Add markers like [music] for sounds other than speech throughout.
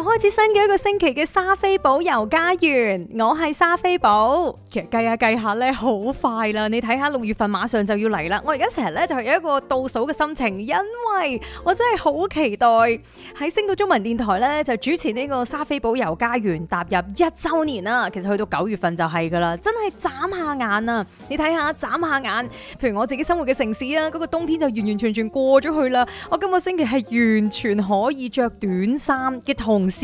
又開始新嘅一個星期嘅莎菲寶遊加園，我係莎菲寶。其實計下計下咧，好快啦！你睇下六月份馬上就要嚟啦。我而家成日咧就係有一個倒數嘅心情，因為我真係好期待喺星島中文電台咧就主持呢個莎菲寶遊加園踏入一周年啦。其實去到九月份就係噶啦，真係眨下眼啊！你睇下眨下眼，譬如我自己生活嘅城市啊，嗰個冬天就完完全全過咗去啦。我今個星期係完全可以着短衫嘅同，是，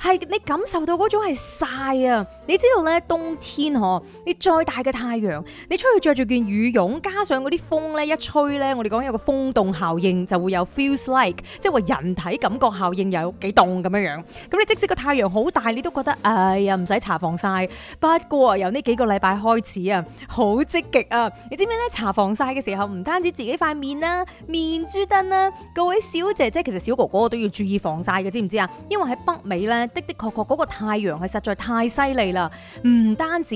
係你感受到嗰種係晒啊！你知道咧，冬天呵，你再大嘅太陽，你出去穿着住件羽絨，加上嗰啲風咧一吹咧，我哋講有個風凍效應，就會有 feels like，即係話人體感覺效應有幾凍咁樣樣。咁你即使個太陽好大，你都覺得哎呀唔使搽防曬。不過由呢幾個禮拜開始啊，好積極啊！你知唔知咧？搽防曬嘅時候，唔單止自己塊面啦、面珠墩啦、啊，各位小姐姐其實小哥哥都要注意防曬嘅，知唔知啊？因為喺北美咧，的的確確嗰個太陽係實在太犀利啦，唔單止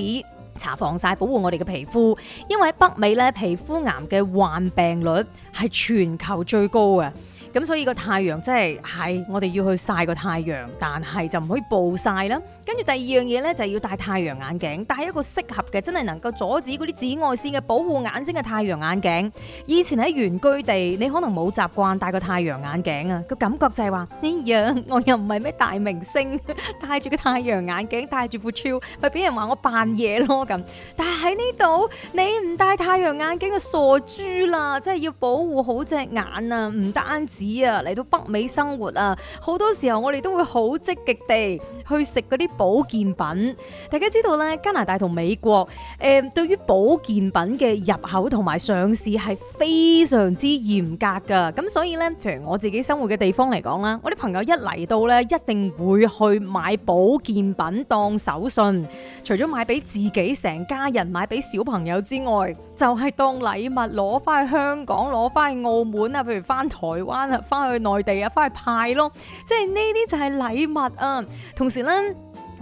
搽防曬保護我哋嘅皮膚，因為北美咧，皮膚癌嘅患病率係全球最高啊。咁所以個太陽真係係我哋要去曬個太陽，但係就唔可以暴曬啦。跟住第二樣嘢呢，就係要戴太陽眼鏡，戴一個適合嘅，真係能夠阻止嗰啲紫外線嘅保護眼睛嘅太陽眼鏡。以前喺原居地，你可能冇習慣戴個太陽眼鏡啊，個感覺就係話：「呢樣，哎呀，我又唔係咩大明星，戴住個太陽眼鏡，戴住副超，咪俾人話我扮嘢咯咁。但係喺呢度，你唔戴太陽眼鏡嘅傻豬啦！真係要保護好隻眼啊，唔單止。子啊，嚟到北美生活啊，好多時候我哋都會好積極地去食嗰啲保健品。大家知道咧，加拿大同美國誒對於保健品嘅入口同埋上市係非常之嚴格㗎。咁所以咧，譬如我自己生活嘅地方嚟講啦，我啲朋友一嚟到咧，一定會去買保健品當手信。除咗買俾自己成家人，買俾小朋友之外，就係當禮物攞翻去香港，攞翻去澳門啊，譬如翻台灣。翻去內地啊，翻去派咯，即係呢啲就係禮物啊，同時咧。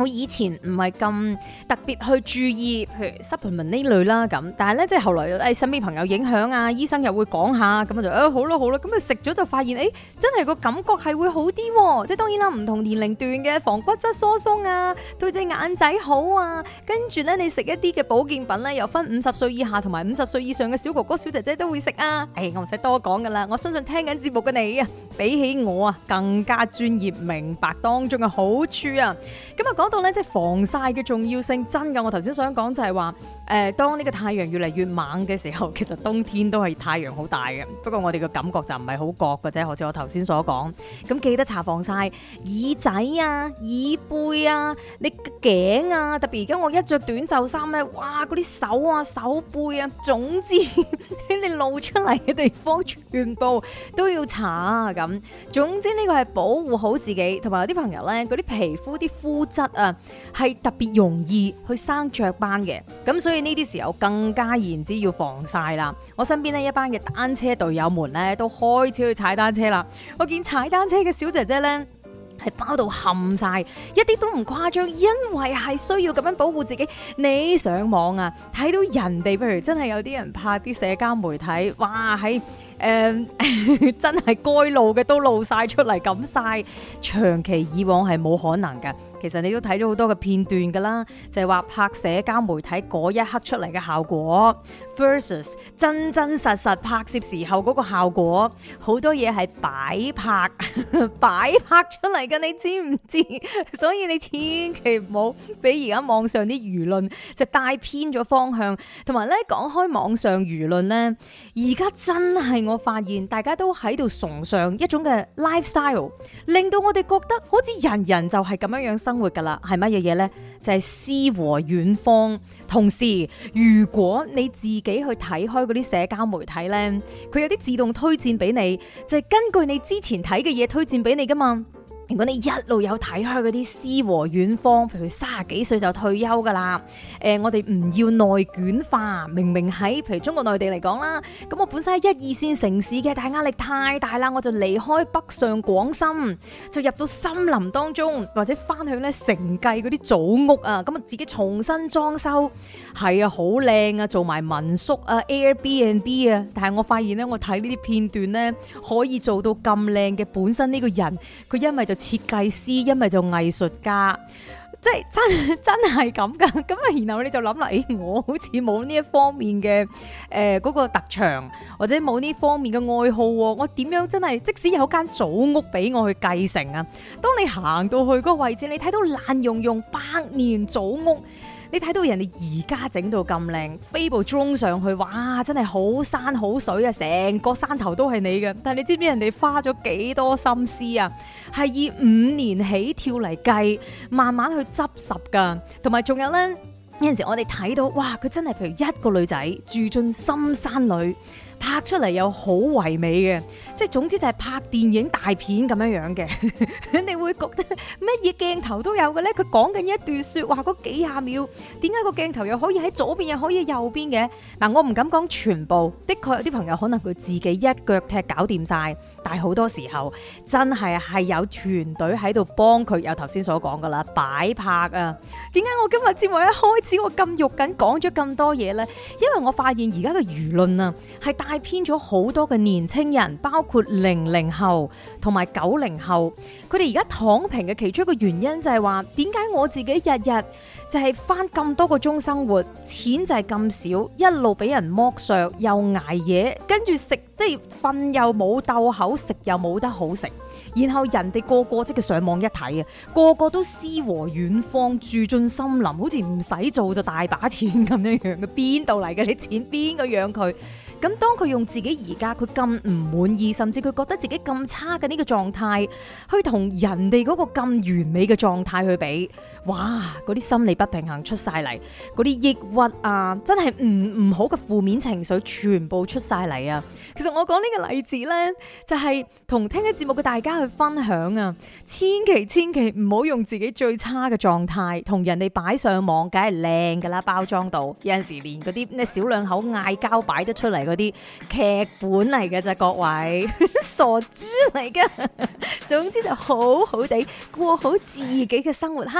我以前唔係咁特別去注意，譬如 Supplement 呢類啦咁，但係咧，即係後來，誒，身邊朋友影響啊，醫生又會講下，咁就誒、欸、好啦好啦，咁啊食咗就發現誒、欸、真係個感覺係會好啲，即係當然啦，唔同年齡段嘅防骨質疏鬆啊，對隻眼仔好啊，跟住咧你食一啲嘅保健品咧，又分五十歲以下同埋五十歲以上嘅小哥哥小姐姐都會食啊，誒、欸、我唔使多講噶啦，我相信聽緊節目嘅你啊，比起我啊更加專業，明白當中嘅好處啊，咁啊講。到咧，即係防曬嘅重要性真噶。我頭先想講就係話，誒，當呢個太陽越嚟越猛嘅時候，其實冬天都係太陽好大嘅。不過我哋嘅感覺就唔係好覺嘅啫。好似我頭先所講，咁記得搽防曬，耳仔啊、耳背啊、你頸啊，特別而家我一着短袖衫咧，哇，嗰啲手啊、手背啊，總之 [laughs] 你露出嚟嘅地方全部都要搽啊。咁總之呢個係保護好自己，同埋有啲朋友咧，嗰啲皮膚啲膚質啊。啊，係特別容易去生雀斑嘅。咁所以呢啲時候更加然之要防曬啦。我身邊呢一班嘅單車隊友們呢都開始去踩單車啦。我見踩單車嘅小姐姐呢係包到冚晒，一啲都唔誇張，因為係需要咁樣保護自己。你上網啊，睇到人哋，譬如真係有啲人拍啲社交媒體，哇喺～誒，um, [laughs] 真係該露嘅都露晒出嚟，咁晒，長期以往係冇可能嘅，其實你都睇咗好多嘅片段㗎啦，就係話拍社交媒體嗰一刻出嚟嘅效果 versus 真真實實拍攝時候個效果，好多嘢係擺拍擺 [laughs] 拍出嚟嘅，你知唔知？ [laughs] 所以你千祈唔好俾而家網上啲輿論就帶偏咗方向。同埋咧，講開網上輿論咧，而家真係。我。我發現大家都喺度崇尚一種嘅 lifestyle，令到我哋覺得好似人人就係咁樣樣生活噶啦，係乜嘢嘢呢？就係、是、詩和遠方。同時，如果你自己去睇開嗰啲社交媒體呢，佢有啲自動推薦俾你，就係、是、根據你之前睇嘅嘢推薦俾你噶嘛。如果你一路有睇開嗰啲詩和遠方，譬如卅幾歲就退休噶啦，誒、呃，我哋唔要內卷化。明明喺譬如中國內地嚟講啦，咁我本身喺一二線城市嘅，但係壓力太大啦，我就離開北上廣深，就入到森林當中，或者翻向咧承繼嗰啲祖屋啊，咁啊自己重新裝修，係啊，好靚啊，做埋民宿啊 Airbnb 啊，但係我發現咧，我睇呢啲片段咧，可以做到咁靚嘅，本身呢個人佢因為就。設計師因為做藝術家，即係真真係咁噶。咁啊，然後你就諗啦，誒，我好似冇呢一方面嘅，誒、呃嗰個特長，或者冇呢方面嘅愛好。我點樣真係，即使有間祖屋俾我去繼承啊？當你行到去嗰個位置，你睇到爛茸茸百年祖屋。你睇到人哋而家整到咁靚，飛步裝上去，哇！真係好山好水啊，成個山頭都係你嘅。但係你知唔知人哋花咗幾多心思啊？係以五年起跳嚟計，慢慢去執拾噶。同埋仲有呢，有陣時我哋睇到，哇！佢真係譬如一個女仔住進深山裏。拍出嚟又好唯美嘅，即係總之就係拍電影大片咁樣樣嘅， [laughs] 你會覺得乜嘢鏡頭都有嘅咧？佢講緊一段說話嗰幾廿秒，點解個鏡頭又可以喺左邊又可以右邊嘅？嗱，我唔敢講全部，的確有啲朋友可能佢自己一腳踢搞掂晒，但係好多時候真係係有團隊喺度幫佢，有頭先所講噶啦擺拍啊！點解我今日節目一開始我咁肉緊講咗咁多嘢咧？因為我發現而家嘅輿論啊，係帶偏咗好多嘅年青人，包括零零後同埋九零後，佢哋而家躺平嘅其中一個原因就係話，點解我自己日日就係翻咁多個鐘生活，錢就係咁少，一路俾人剝削，又挨嘢，跟住食即係瞓又冇竇口，食又冇得好食，然後人哋個個即係上網一睇啊，個個都詩和遠方，住進森林，好似唔使做就大把錢咁樣樣嘅，邊度嚟嘅你錢養？邊個養佢？咁當佢用自己而家佢咁唔滿意，甚至佢覺得自己咁差嘅呢個狀態，去同人哋嗰個咁完美嘅狀態去比。哇！嗰啲心理不平衡出晒嚟，嗰啲抑鬱啊，真係唔唔好嘅負面情緒全部出晒嚟啊！其實我講呢個例子呢，就係同聽緊嘅節目嘅大家去分享啊！千祈千祈唔好用自己最差嘅狀態同人哋擺上網，梗係靚噶啦，包裝到有陣時連嗰啲咩小兩口嗌交擺得出嚟嗰啲劇本嚟嘅咋，各位 [laughs] 傻豬嚟嘅， [laughs] 總之就好好地過好自己嘅生活哈！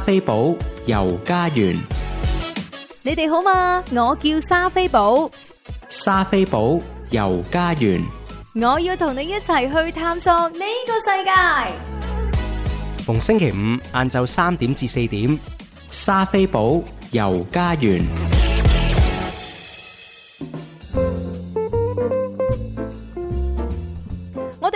莎菲寶遊加園，你哋好嘛？我叫莎菲寶，莎菲寶遊加園，我要同你一齊去探索呢個世界。逢星期五晏晝三點至四點，莎菲寶遊加園。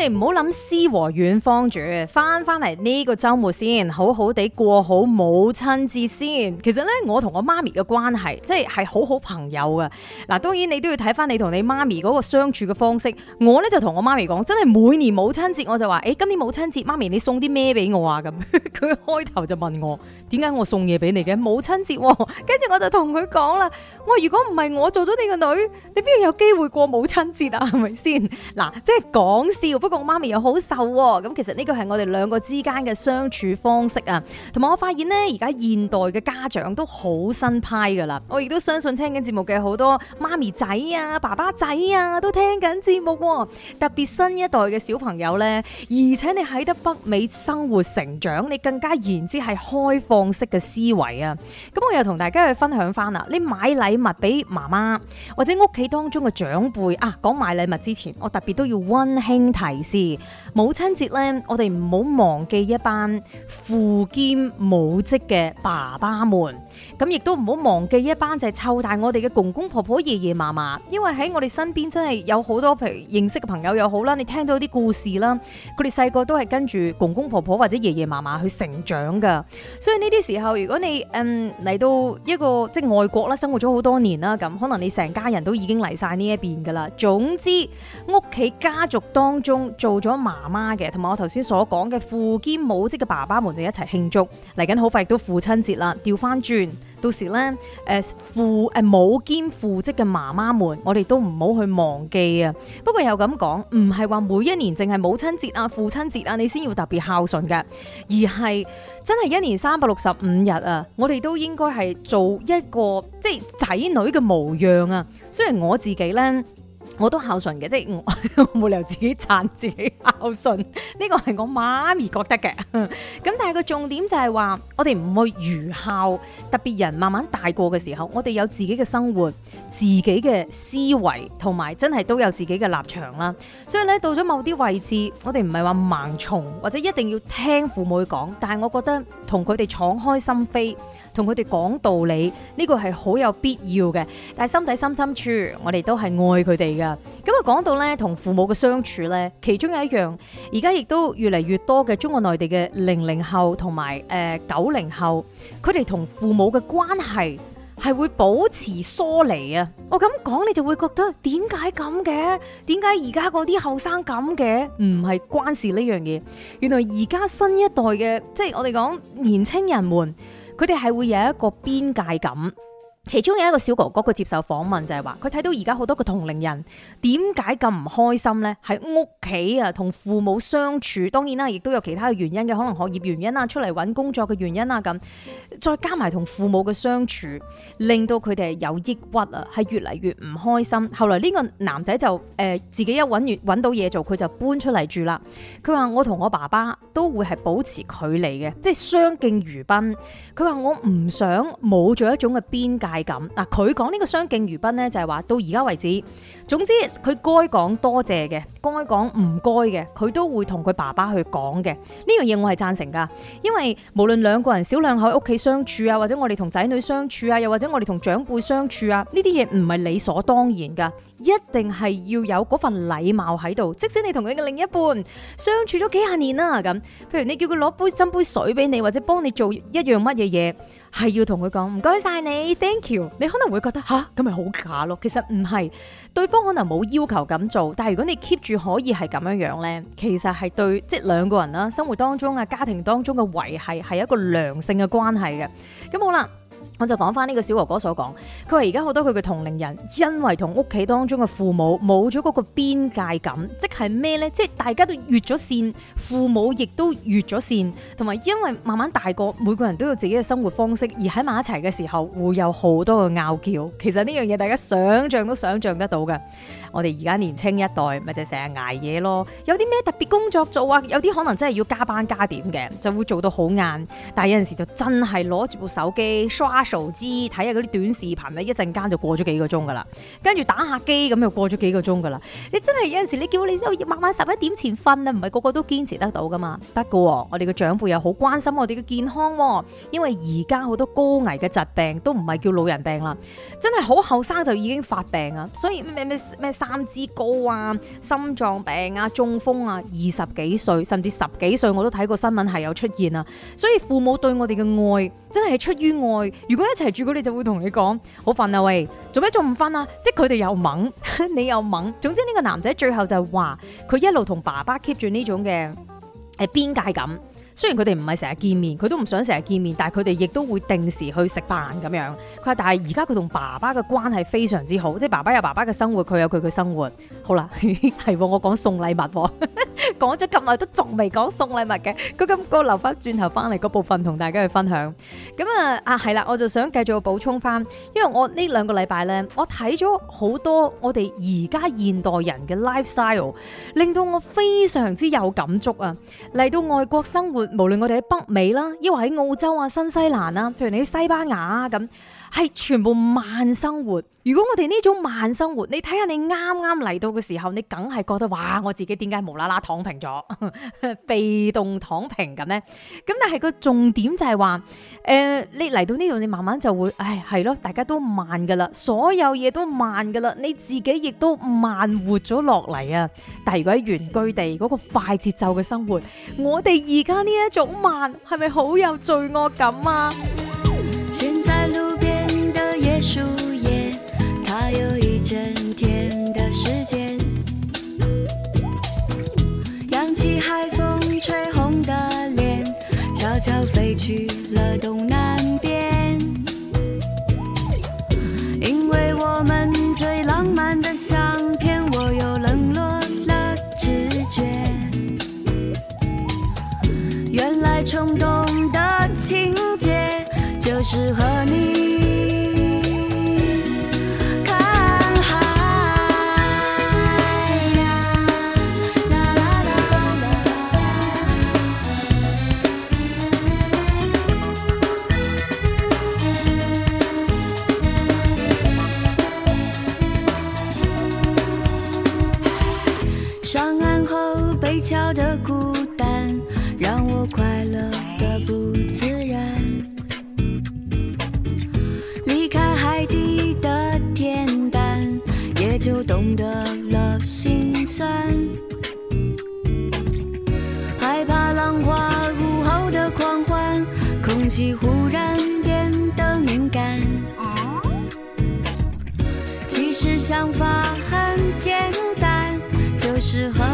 你唔好諗詩和遠方住，翻翻嚟呢個周末先，好好地過好母親節先。其實呢，我同我媽咪嘅關係，即係係好好朋友啊。嗱，當然你都要睇翻你同你媽咪嗰個相處嘅方式。我呢就同我媽咪講，真係每年母親節我就話：，誒、欸，今年母親節，媽咪你送啲咩俾我啊？咁 [laughs] 佢開頭就問我，點解我送嘢俾你嘅？母親節、哦，跟住我就同佢講啦：，我說如果唔係我做咗你個女，你邊度有機會過母親節啊？係咪先？嗱，即係講笑，不過。媽咪又好瘦喎，咁其實呢個係我哋兩個之間嘅相處方式啊，同埋我發現呢，而家現代嘅家長都好新派噶啦，我亦都相信聽緊節目嘅好多媽咪仔啊、爸爸仔啊都聽緊節目，特別新一代嘅小朋友呢，而且你喺得北美生活成長，你更加言之係開放式嘅思維啊，咁我又同大家去分享翻啦，你買禮物俾媽媽或者屋企當中嘅長輩啊，講買禮物之前，我特別都要溫馨提。是母親節咧，我哋唔好忘記一班父兼母職嘅爸爸們，咁亦都唔好忘記一班就係湊大我哋嘅公公婆婆、爺爺嫲嫲，因為喺我哋身邊真係有好多，譬如認識嘅朋友又好啦，你聽到啲故事啦，佢哋細個都係跟住公公婆婆或者爺爺嫲嫲去成長噶，所以呢啲時候，如果你嗯嚟到一個即係外國啦，生活咗好多年啦，咁可能你成家人都已經嚟晒呢一邊噶啦，總之屋企家族當中。做咗媽媽嘅，同埋我頭先所講嘅父兼母職嘅爸爸們，就一齊慶祝。嚟緊好快亦都父親節啦，調翻轉，到時呢，誒父誒母兼父職嘅媽媽們，我哋都唔好去忘記啊。不過又咁講，唔係話每一年淨係母親節啊、父親節啊，你先要特別孝順嘅，而係真係一年三百六十五日啊，我哋都應該係做一個即係仔女嘅模樣啊。雖然我自己呢。我都孝順嘅，即係我冇理由自己撐自己孝順，呢個係我媽咪覺得嘅。咁但係個重點就係話，我哋唔會愚孝，特別人慢慢大個嘅時候，我哋有自己嘅生活、自己嘅思維，同埋真係都有自己嘅立場啦。所以咧，到咗某啲位置，我哋唔係話盲從或者一定要聽父母講，但係我覺得同佢哋敞開心扉，同佢哋講道理，呢個係好有必要嘅。但係心底深深處，我哋都係愛佢哋嘅。咁啊，講到咧同父母嘅相處咧，其中有一樣而家亦都越嚟越多嘅中國內地嘅零零後同埋誒九零後，佢哋同父母嘅關係係會保持疏離啊。我咁講你就會覺得點解咁嘅？點解而家嗰啲後生咁嘅？唔係關事呢樣嘢。原來而家新一代嘅，即係我哋講年青人們。佢哋係會有一個邊界感。其中有一個小哥哥，佢接受訪問就係話，佢睇到而家好多個同齡人點解咁唔開心咧？喺屋企啊，同父母相處，當然啦，亦都有其他嘅原因嘅，可能學業原因啊，出嚟揾工作嘅原因啊，咁再加埋同父母嘅相處，令到佢哋有抑鬱啊，係越嚟越唔開心。後來呢個男仔就誒、呃、自己一揾完揾到嘢做，佢就搬出嚟住啦。佢話：我同我爸爸都會係保持距離嘅，即係相敬如賓，佢話：我唔想冇咗一種嘅邊界。係咁，嗱，佢講呢個相敬如賓呢，就係話到而家為止，總之佢該講多謝嘅，該講唔該嘅，佢都會同佢爸爸去講嘅。呢樣嘢我係贊成噶，因為無論兩個人，小兩口喺屋企相處啊，或者我哋同仔女相處啊，又或者我哋同長輩相處啊，呢啲嘢唔係理所當然噶，一定係要有嗰份禮貌喺度。即使你同佢嘅另一半相處咗幾廿年啦，咁譬如你叫佢攞杯斟杯水俾你，或者幫你做一樣乜嘢嘢，係要同佢講唔該晒你，thank you。你可能會覺得吓，咁咪好假咯，其實唔係，對方可能冇要求咁做，但係如果你 keep 住可以係咁樣樣呢，其實係對即係兩個人啦，生活當中啊，家庭當中嘅維繫係一個良性嘅關係嘅。咁好啦。我就講翻呢個小哥哥所講，佢話而家好多佢嘅同齡人，因為同屋企當中嘅父母冇咗嗰個邊界感，即係咩呢？即係大家都越咗線，父母亦都越咗線，同埋因為慢慢大個，每個人都有自己嘅生活方式，而喺埋一齊嘅時候，會有好多嘅拗撬。其實呢樣嘢大家想象都想象得到嘅。我哋而家年輕一代，咪就成日捱夜咯。有啲咩特別工作做啊？有啲可能真係要加班加點嘅，就會做到好晏。但係有陣時就真係攞住部手機刷。傻睇下嗰啲短視頻咧，一陣間就過咗幾個鐘噶啦，跟住打下機咁又過咗幾個鐘噶啦。你真係有陣時你叫我你慢晚晚十一點前瞓啊，唔係個個都堅持得到噶嘛？不過我哋嘅長輩又好關心我哋嘅健康，因為而家好多高危嘅疾病都唔係叫老人病啦，真係好後生就已經發病啊。所以咩咩咩三脂高啊、心臟病啊、中風啊，二十幾歲甚至十幾歲我都睇過新聞係有出現啊。所以父母對我哋嘅愛真係出於愛。如果一齊住佢哋就會同你講好瞓啊喂，做咩仲唔瞓啊？即係佢哋又猛，你又猛。總之呢個男仔最後就係話，佢一路同爸爸 keep 住呢種嘅誒邊界感。雖然佢哋唔係成日見面，佢都唔想成日見面，但係佢哋亦都會定時去食飯咁樣。佢話但係而家佢同爸爸嘅關係非常之好，即係爸爸有爸爸嘅生活，佢有佢嘅生活。好啦，係 [laughs] 我講送禮物。 [laughs] 講咗咁耐都仲未講送禮物嘅，佢咁我留翻轉頭翻嚟嗰部分同大家去分享。咁啊啊係啦，我就想繼續補充翻，因為我呢兩個禮拜呢，我睇咗好多我哋而家現代人嘅 lifestyle，令到我非常之有感觸啊！嚟到外國生活，無論我哋喺北美啦，亦或喺澳洲啊、新西蘭啊，譬如你喺西班牙啊咁。係全部慢生活。如果我哋呢種慢生活，你睇下你啱啱嚟到嘅時候，你梗係覺得哇，我自己點解無啦啦躺平咗， [laughs] 被動躺平咁呢。咁但係個重點就係話，誒、呃，你嚟到呢度，你慢慢就會，唉，係咯，大家都慢噶啦，所有嘢都慢噶啦，你自己亦都慢活咗落嚟啊！但如果喺原居地嗰個快節奏嘅生活，我哋而家呢一種慢，係咪好有罪惡感啊？樹葉，它有一整天的時間。揚起海風吹紅的臉，悄悄飛去了東南邊。因為我們最浪漫的相片，我又冷落了直覺。原來衝動的情節，就是和你。忽然變得敏感，其實想法很簡單，就是和。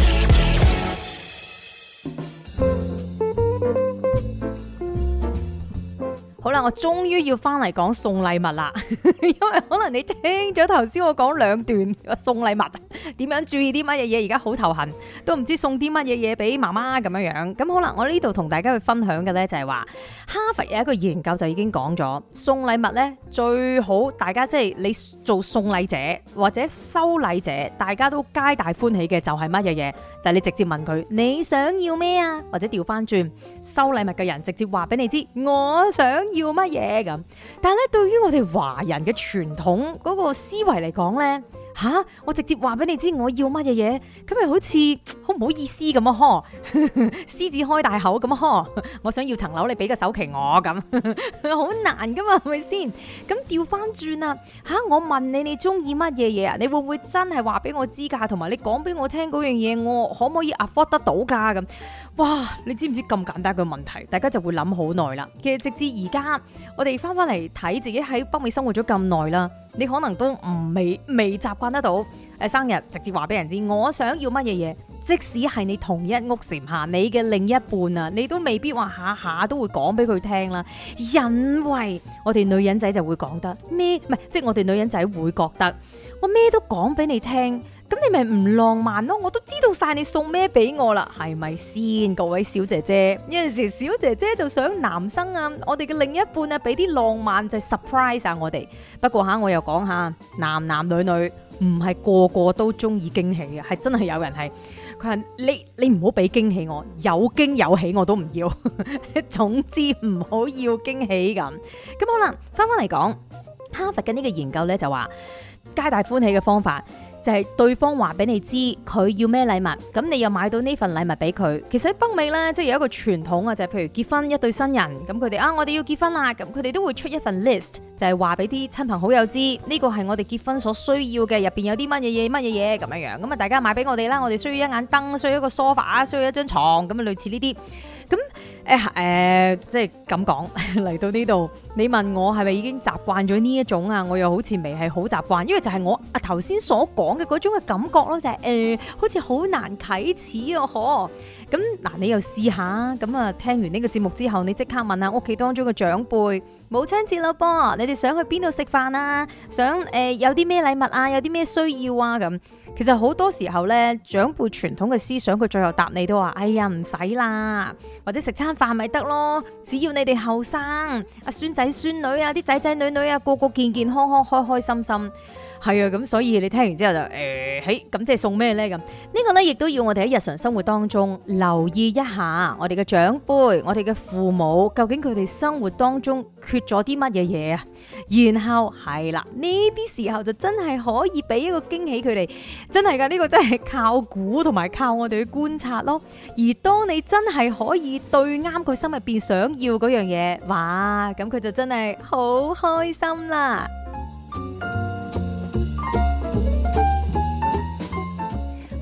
我終於要翻嚟講送禮物啦，因為可能你聽咗頭先我講兩段，送禮物點樣注意啲乜嘢嘢，而家好頭痕，都唔知送啲乜嘢嘢俾媽媽咁樣樣。咁好啦，我呢度同大家去分享嘅呢就係話哈佛有一個研究就已經講咗，送禮物呢，最好大家即係你做送禮者或者收禮者，大家都皆大歡喜嘅就係乜嘢嘢，就係你直接問佢你想要咩啊？或者調翻轉收禮物嘅人直接話俾你知我想要。冇乜嘢咁，但係咧，對於我哋華人嘅傳統嗰個思維嚟講咧。吓、啊！我直接話俾你知我要乜嘢嘢，咁咪好似好唔好意思咁啊？嗬，獅 [laughs] 子開大口咁啊？嗬， [laughs] 我想要層樓你俾個首期我咁，好 [laughs] 難噶嘛，係咪先？咁調翻轉啦，吓、啊！我問你，你中意乜嘢嘢啊？你會唔會真係話俾我知噶？同埋你講俾我聽嗰樣嘢，我可唔可以 afford 得到噶？咁哇，你知唔知咁簡單嘅問題，大家就會諗好耐啦？其實直至而家，我哋翻翻嚟睇自己喺北美生活咗咁耐啦。你可能都唔未未習慣得到誒，生日直接話俾人知，我想要乜嘢嘢，即使係你同一屋檐下，你嘅另一半啊，你都未必話下下都會講俾佢聽啦。因為我哋女人仔就會講得咩？唔係即係我哋女人仔會覺得我咩都講俾你聽。咁你咪唔浪漫咯？我都知道晒你送咩俾我啦，係咪先？各位小姐姐有陣時，小姐姐就想男生啊，我哋嘅另一半啊，俾啲浪漫就係 surprise 下我哋。不過吓，我又講下，男男女女唔係個個都中意驚喜嘅，係真係有人係佢話你，你唔好俾驚喜我，有驚有喜我都唔要。總之唔好要驚喜咁。咁好啦，翻翻嚟講哈佛嘅呢個研究呢，就話皆大歡喜嘅方法。就係對方話俾你知佢要咩禮物，咁你又買到呢份禮物俾佢。其實北美呢，即係有一個傳統啊，就係譬如結婚一對新人，咁佢哋啊，我哋要結婚啦，咁佢哋都會出一份 list。就係話俾啲親朋好友知呢個係我哋結婚所需要嘅，入邊有啲乜嘢嘢乜嘢嘢咁樣樣，咁啊大家買俾我哋啦，我哋需要一眼燈，需要一個梳化，需要一張床，咁啊類似呢啲，咁誒誒，即係咁講嚟到呢度，你問我係咪已經習慣咗呢一種啊？我又好似未係好習慣，因為就係我啊頭先所講嘅嗰種嘅感覺咯，就係、是、誒、呃，好似好難啟齒啊嗬。咁嗱，你又試下，咁啊聽完呢個節目之後，你即刻問下屋企當中嘅長輩。母親節喇噃，你哋想去邊度食飯啊？想、呃、有啲咩禮物啊？有啲咩需要啊？咁其實好多時候呢，長輩傳統嘅思想，佢最後答你都話：「哎呀，唔使啦，或者食餐飯咪得咯。」只要你哋後生啊孫仔孫女啊，啲仔仔女女啊，個個健健康康、開開心心。係啊，咁所以你聽完之後就誒，嘿咁即係送咩呢？咁，呢個呢，亦都要我哋喺日常生活當中留意一下我的，我哋嘅長輩、我哋嘅父母，究竟佢哋生活當中缺咗啲乜嘢嘢啊？然後係啦，呢啲時候就真係可以俾一個驚喜佢哋，真係噶，呢個真係靠估同埋靠我哋去觀察咯。而當你真係可以對啱佢心入邊想要嗰樣嘢，哇！咁佢就真係好開心啦。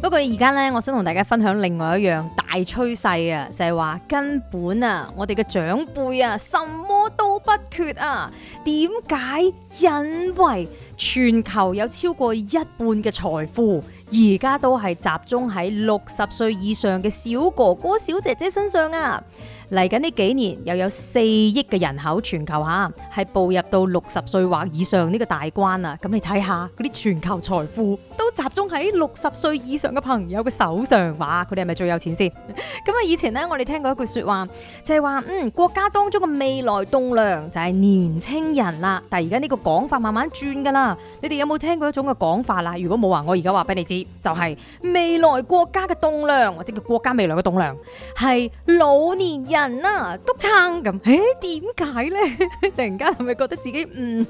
不過而家咧，我想同大家分享另外一樣大趨勢啊，就係話根本啊，我哋嘅長輩啊，什麼都不缺啊。點解？因為全球有超過一半嘅財富，而家都係集中喺六十歲以上嘅小哥哥、小姐姐身上啊。嚟緊呢幾年又有四億嘅人口，全球嚇係步入到六十歲或以上呢個大關啊！咁你睇下嗰啲全球財富都集中喺六十歲以上嘅朋友嘅手上，哇！佢哋係咪最有錢先？咁啊，以前呢，我哋聽過一句説話，就係話嗯，國家當中嘅未來棟梁就係年輕人啦。但係而家呢個講法慢慢轉噶啦。你哋有冇聽過一種嘅講法啦？如果冇話，我而家話俾你知，就係未來國家嘅棟梁，或者叫國家未來嘅棟梁，係老年人。人啊督撐咁，誒，點解呢？突然間係咪覺得自己嗯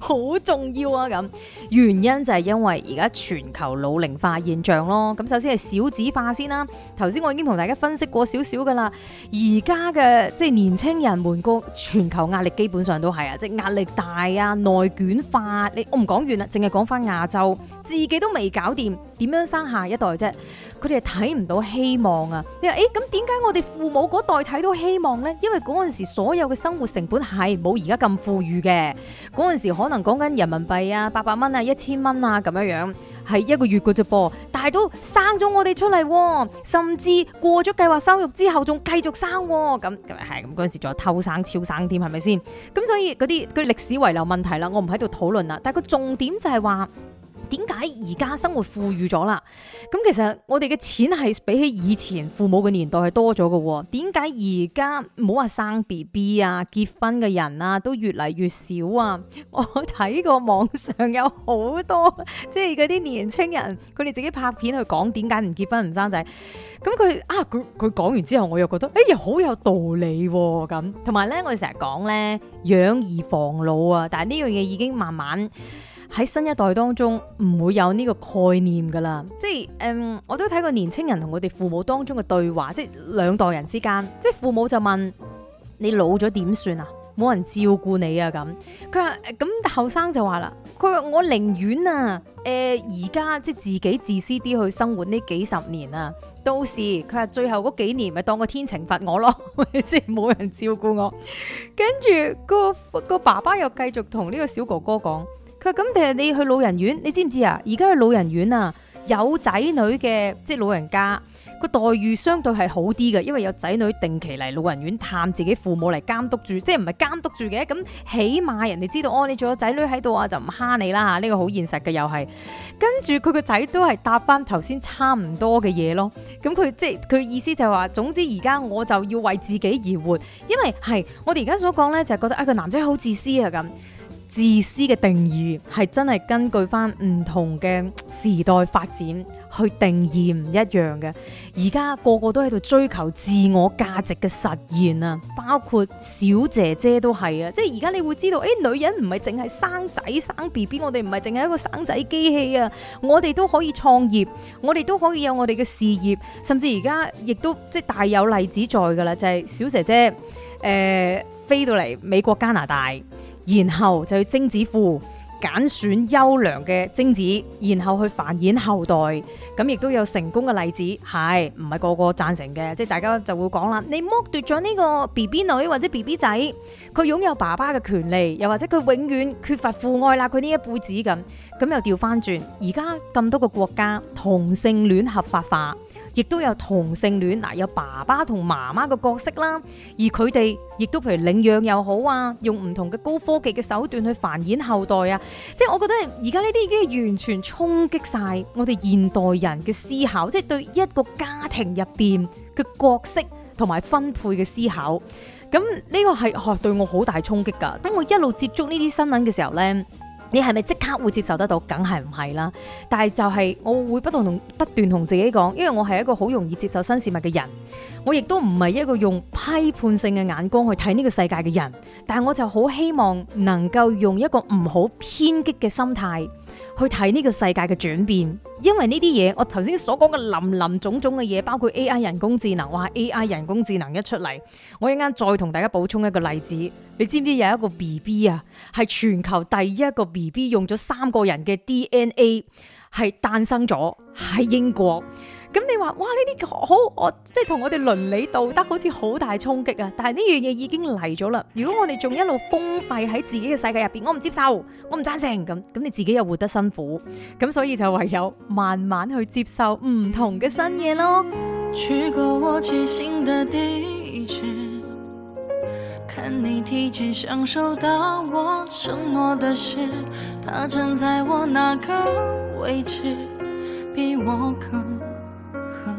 好重要啊？咁原因就係因為而家全球老齡化現象咯。咁首先係少子化先啦。頭先我已經同大家分析過少少噶啦，而家嘅即係年輕人們個全球壓力基本上都係啊，即係壓力大啊，內卷化。你我唔講完啦，淨係講翻亞洲，自己都未搞掂，點樣生下一代啫？佢哋係睇唔到希望啊！你話誒，咁點解我哋父母嗰代？睇到希望呢，因為嗰陣時所有嘅生活成本係冇而家咁富裕嘅，嗰陣時可能講緊人民幣啊，八百蚊啊，一千蚊啊咁樣樣，係一個月嘅啫噃，但係都生咗我哋出嚟，甚至過咗計劃生育之後仲繼續生，咁係咁嗰陣時仲有偷生、超生添，係咪先？咁所以嗰啲嘅歷史遺留問題啦，我唔喺度討論啦，但係個重點就係話。點解而家生活富裕咗啦？咁其實我哋嘅錢係比起以前父母嘅年代係多咗嘅。點解而家冇話生 BB 啊、結婚嘅人啊都越嚟越少啊？我睇過網上有好多，即係嗰啲年輕人佢哋自己拍片去講點解唔結婚唔生仔。咁佢啊佢佢講完之後，我又覺得誒、欸，好有道理咁、哦。同埋咧，我哋成日講咧養兒防老啊，但係呢樣嘢已經慢慢。喺新一代當中唔會有呢個概念㗎啦，即係誒、嗯、我都睇過年輕人同佢哋父母當中嘅對話，即係兩代人之間，即係父母就問你老咗點算啊？冇人照顧你啊？咁佢話咁後生就話啦，佢話我寧願啊誒而家即係自己自私啲去生活呢幾十年啊，到時佢話最後嗰幾年咪當個天懲罰我咯，即係冇人照顧我。跟住、嗰個、嗰個爸爸又繼續同呢個小哥哥講。佢咁定係你去老人院？你知唔知啊？而家去老人院啊，有仔女嘅，即係老人家個待遇相對係好啲嘅，因為有仔女定期嚟,老人院探自己父母嚟監督住，即係唔係監督住嘅。咁起碼人哋知道哦，你仲有仔女喺度啊，就唔蝦你啦吓。呢個好現實嘅又係。跟住佢個仔都係答翻頭先差唔多嘅嘢咯。咁佢即係佢意思就係話，總之而家我就要為自己而活，因為係我哋而家所講咧，就係覺得啊個男仔好自私啊咁。自私嘅定義係真係根據翻唔同嘅時代發展去定義唔一樣嘅。而家個個都喺度追求自我價值嘅實現啊，包括小姐姐都係啊，即係而家你會知道，誒、欸、女人唔係淨係生仔生 BB，我哋唔係淨係一個生仔機器啊，我哋都可以創業，我哋都可以有我哋嘅事業，甚至而家亦都即係大有例子在㗎啦，就係、是、小姐姐誒、呃、飛到嚟美國加拿大。然後就去精子庫揀選優良嘅精子，然後去繁衍後代。咁亦都有成功嘅例子，係唔係個個贊成嘅？即係大家就會講啦，你剝奪咗呢個 B B 女或者 B B 仔，佢擁有爸爸嘅權利，又或者佢永遠缺乏父愛啦，佢呢一輩子咁。咁又調翻轉，而家咁多個國家同性戀合法化。亦都有同性戀，嗱有爸爸同媽媽嘅角色啦，而佢哋亦都譬如領養又好啊，用唔同嘅高科技嘅手段去繁衍後代啊，即係我覺得而家呢啲已經完全衝擊晒我哋現代人嘅思考，即係對一個家庭入邊嘅角色同埋分配嘅思考。咁呢個係對我好大衝擊㗎。當我一路接觸呢啲新聞嘅時候呢。你係咪即刻會接受得到？梗係唔係啦。但係就係我會不斷同不斷同自己講，因為我係一個好容易接受新事物嘅人，我亦都唔係一個用批判性嘅眼光去睇呢個世界嘅人。但係我就好希望能夠用一個唔好偏激嘅心態。去睇呢個世界嘅轉變，因為呢啲嘢我頭先所講嘅林林總總嘅嘢，包括 A I 人工智能，話 A I 人工智能一出嚟。我一陣間再同大家補充一個例子，你知唔知道有一個 B B 啊，係全球第一個 B B 用咗三個人嘅 D N A 係誕生咗，喺英國。咁你話，哇，呢啲好我即係同我哋倫理道德好似好大衝擊啊！但係呢樣嘢已經嚟咗啦，如果我哋仲一路封閉喺自己嘅世界入邊，我唔接受，我唔贊成。咁咁你自己又活得辛苦，咁所以就唯有慢慢去接受唔同嘅新嘢咯。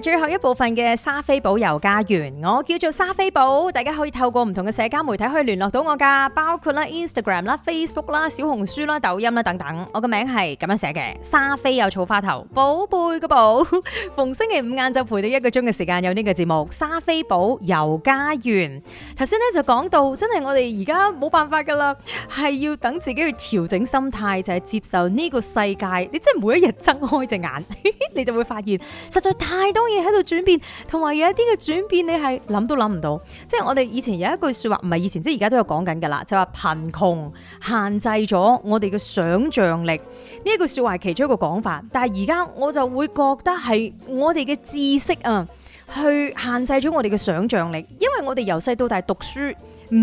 最後一部分嘅莎菲寶遊加園，我叫做莎菲寶，大家可以透過唔同嘅社交媒體可以聯絡到我噶，包括啦 Instagram 啦、Facebook 啦、小紅書啦、抖音啦等等。我個名係咁樣寫嘅，沙菲有草花頭，寶貝嘅寶。 [laughs] 逢星期五晏晝陪你一個鐘嘅時,時間，有呢個節目莎菲寶遊加園。頭先咧就講到，真係我哋而家冇辦法噶啦，係要等自己去調整心態，就係、是、接受呢個世界。你真係每一日睜開隻眼， [laughs] 你就會發現，實在太多。喺度轉變，同埋有一啲嘅轉變，你係諗都諗唔到。即係我哋以前有一句説話，唔係以前，即係而家都有講緊嘅啦，就係話貧窮限制咗我哋嘅想像力。呢一句説話係其中一個講法，但係而家我就會覺得係我哋嘅知識啊。去限制咗我哋嘅想像力，因為我哋由細到大讀書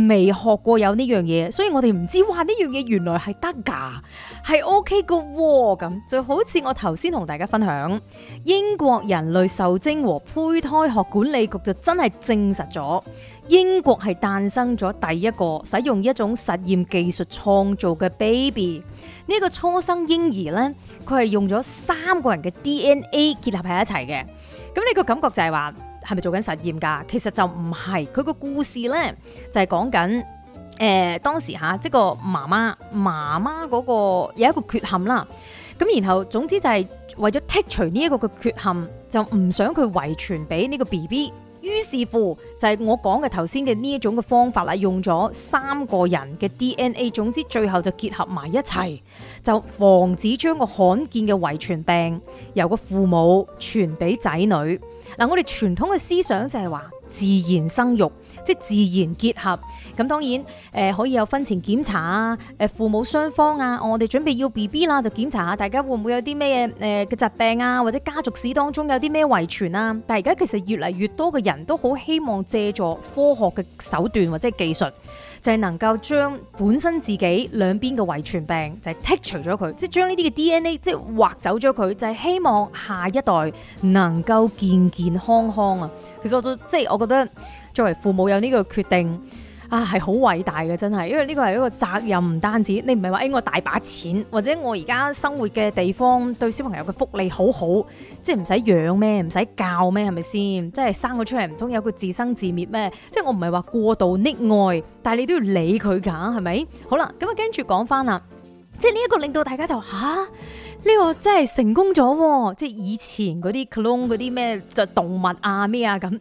未學過有呢樣嘢，所以我哋唔知哇，呢樣嘢原來係得噶，係 OK 㗎喎。咁，就好似我頭先同大家分享，英國人類受精和胚胎學管理局就真係證實咗，英國係誕生咗第一個使用一種實驗技術創造嘅 baby，呢個初生嬰兒呢，佢係用咗三個人嘅 DNA 結合喺一齊嘅。咁你個感覺就係話係咪做緊實驗噶？其實就唔係，佢個故事咧就係講緊誒，當時吓、啊、即係個媽媽媽媽嗰個有一個缺陷啦。咁然後總之就係為咗剔除呢一個嘅缺陷，就唔想佢遺傳俾呢個 B B。於是乎，就係、是、我講嘅頭先嘅呢一種嘅方法啦，用咗三個人嘅 DNA，總之最後就結合埋一齊，就防止將個罕見嘅遺傳病由個父母傳俾仔女。嗱，我哋傳統嘅思想就係話。自然生育，即係自然結合。咁當然，誒可以有婚前檢查啊，誒父母雙方啊，我哋準備要 BB 啦，就檢查下大家會唔會有啲咩誒嘅疾病啊，或者家族史當中有啲咩遺傳啊。但係而家其實越嚟越多嘅人都好希望借助科學嘅手段或者技術。就係能夠將本身自己兩邊嘅遺傳病就係剔除咗佢，即係將呢啲嘅 DNA 即係劃走咗佢，就係希望下一代能夠健健康康啊！其實我都即係我覺得作為父母有呢個決定。啊，係好偉大嘅，真係，因為呢個係一個責任，唔單止，你唔係話應該大把錢，或者我而家生活嘅地方對小朋友嘅福利好好，即係唔使養咩，唔使教咩，係咪先？即係生佢出嚟唔通有佢自生自滅咩？即係我唔係話過度溺愛，但係你都要理佢㗎，係咪？好啦，咁啊跟住講返啦，即係呢一個令到大家就吓。啊呢個真係成功咗，即係以前嗰啲 clone 嗰啲咩就動物啊咩啊咁，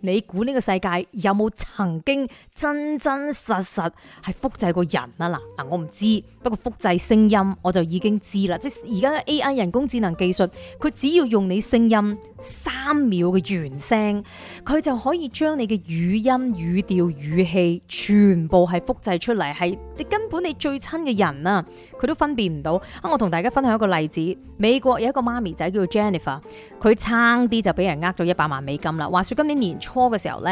你估呢個世界有冇曾經真真實實係複製過人啊嗱？嗱我唔知，不過複製聲音我就已經知啦，即係而家 AI 人工智能技術，佢只要用你聲音三秒嘅原聲，佢就可以將你嘅語音、語調、語氣全部係複製出嚟，係你根本你最親嘅人啊，佢都分辨唔到啊！我同大家分享一個例子。指美國有一個媽咪仔叫做 Jennifer，佢差啲就俾人呃咗一百萬美金啦。話說今年年初嘅時候咧，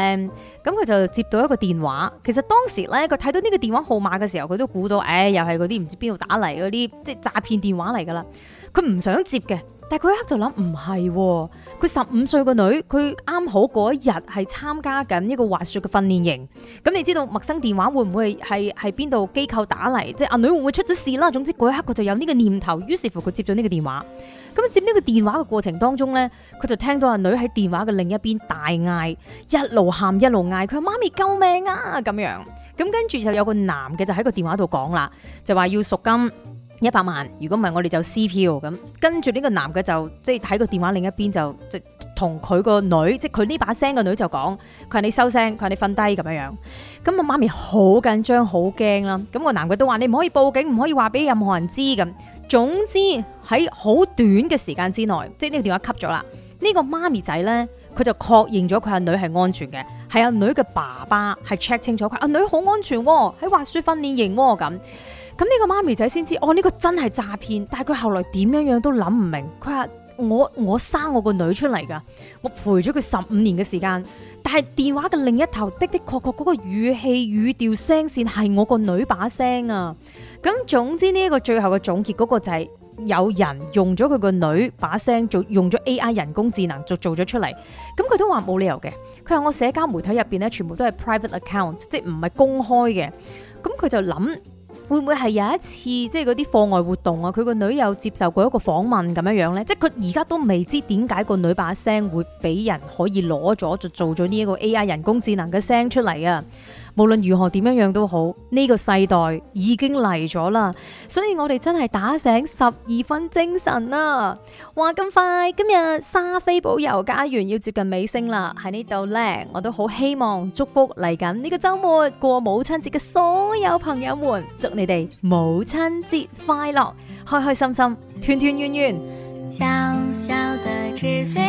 咁佢就接到一個電話，其實當時咧佢睇到呢個電話號碼嘅時候，佢都估到，唉、哎，又係嗰啲唔知邊度打嚟嗰啲即係詐騙電話嚟噶啦。佢唔想接嘅，但係佢一刻就諗唔係。唔係喎。佢十五歲個女，佢啱好嗰一日係參加緊一個滑雪嘅訓練營，咁你知道陌生電話會唔會係係邊度機構打嚟？即係阿女會唔會出咗事啦？總之嗰一刻佢就有呢個念頭，於是乎佢接咗呢個電話。咁接呢個電話嘅過程當中呢，佢就聽到阿女喺電話嘅另一邊大嗌，一路喊一路嗌，佢話媽咪救命啊！咁樣，咁跟住就有個男嘅就喺個電話度講啦，就話要贖金。一百萬，如果唔係我哋就撕票咁。跟住呢個男嘅就即係喺個電話另一邊就即同佢個女，即係佢呢把聲嘅女就講，佢話你收聲，佢話你瞓低咁樣樣。咁個媽咪好緊張，好驚啦。咁個男嘅都話你唔可以報警，唔可以話俾任何人知咁。總之喺好短嘅時間之內，即係呢個電話 cut 咗啦。呢個媽咪仔咧，佢就確認咗佢阿女係安全嘅，係阿女嘅爸爸係 check 清楚佢阿女好安全喎，喺滑雪訓練營喎咁。咁呢個媽咪仔先知哦，呢個真係詐騙。但係佢後來點樣樣都諗唔明。佢話我我生我個女出嚟噶，我陪咗佢十五年嘅時間。但係電話嘅另一頭的的確確嗰個語氣語調聲線係我個女把聲啊。咁總之呢一個最後嘅總結，嗰個就係有人用咗佢個女把聲做，用咗 AI 人工智能，就做咗出嚟。咁佢都話冇理由嘅。佢話我社交媒體入邊咧，全部都係 private account，即係唔係公開嘅。咁佢就諗。會唔會係有一次即係嗰啲課外活動啊？佢個女有接受過一個訪問咁樣樣呢？即係佢而家都未知點解個女把聲會俾人可以攞咗就做咗呢一個 AI 人工智能嘅聲出嚟啊！無論如何點樣樣都好，呢個世代已經嚟咗啦，所以我哋真係打醒十二分精神啦！話咁快，今日莎菲寶遊加園要接近尾聲啦，喺呢度呢，我都好希望祝福嚟緊呢個周末過母親節嘅所有朋友們，祝你哋母親節快樂，開開心心，團團圓圓。小小的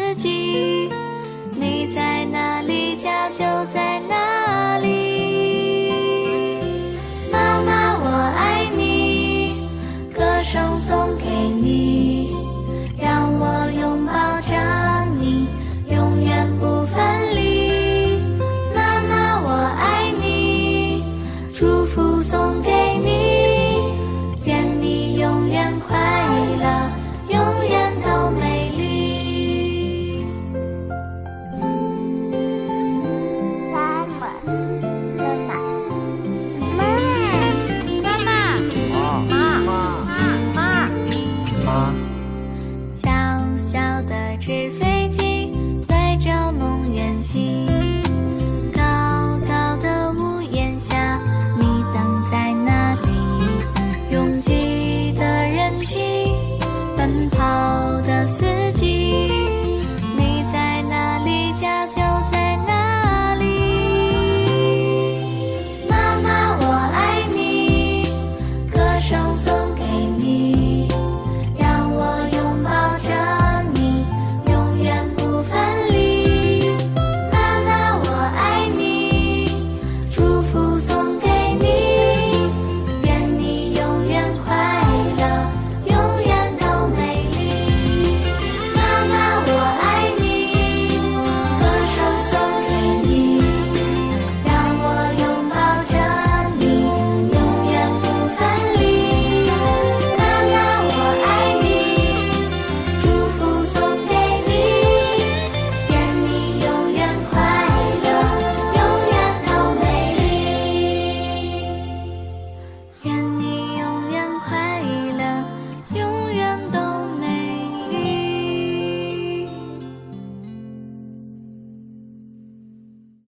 小的紙飛機。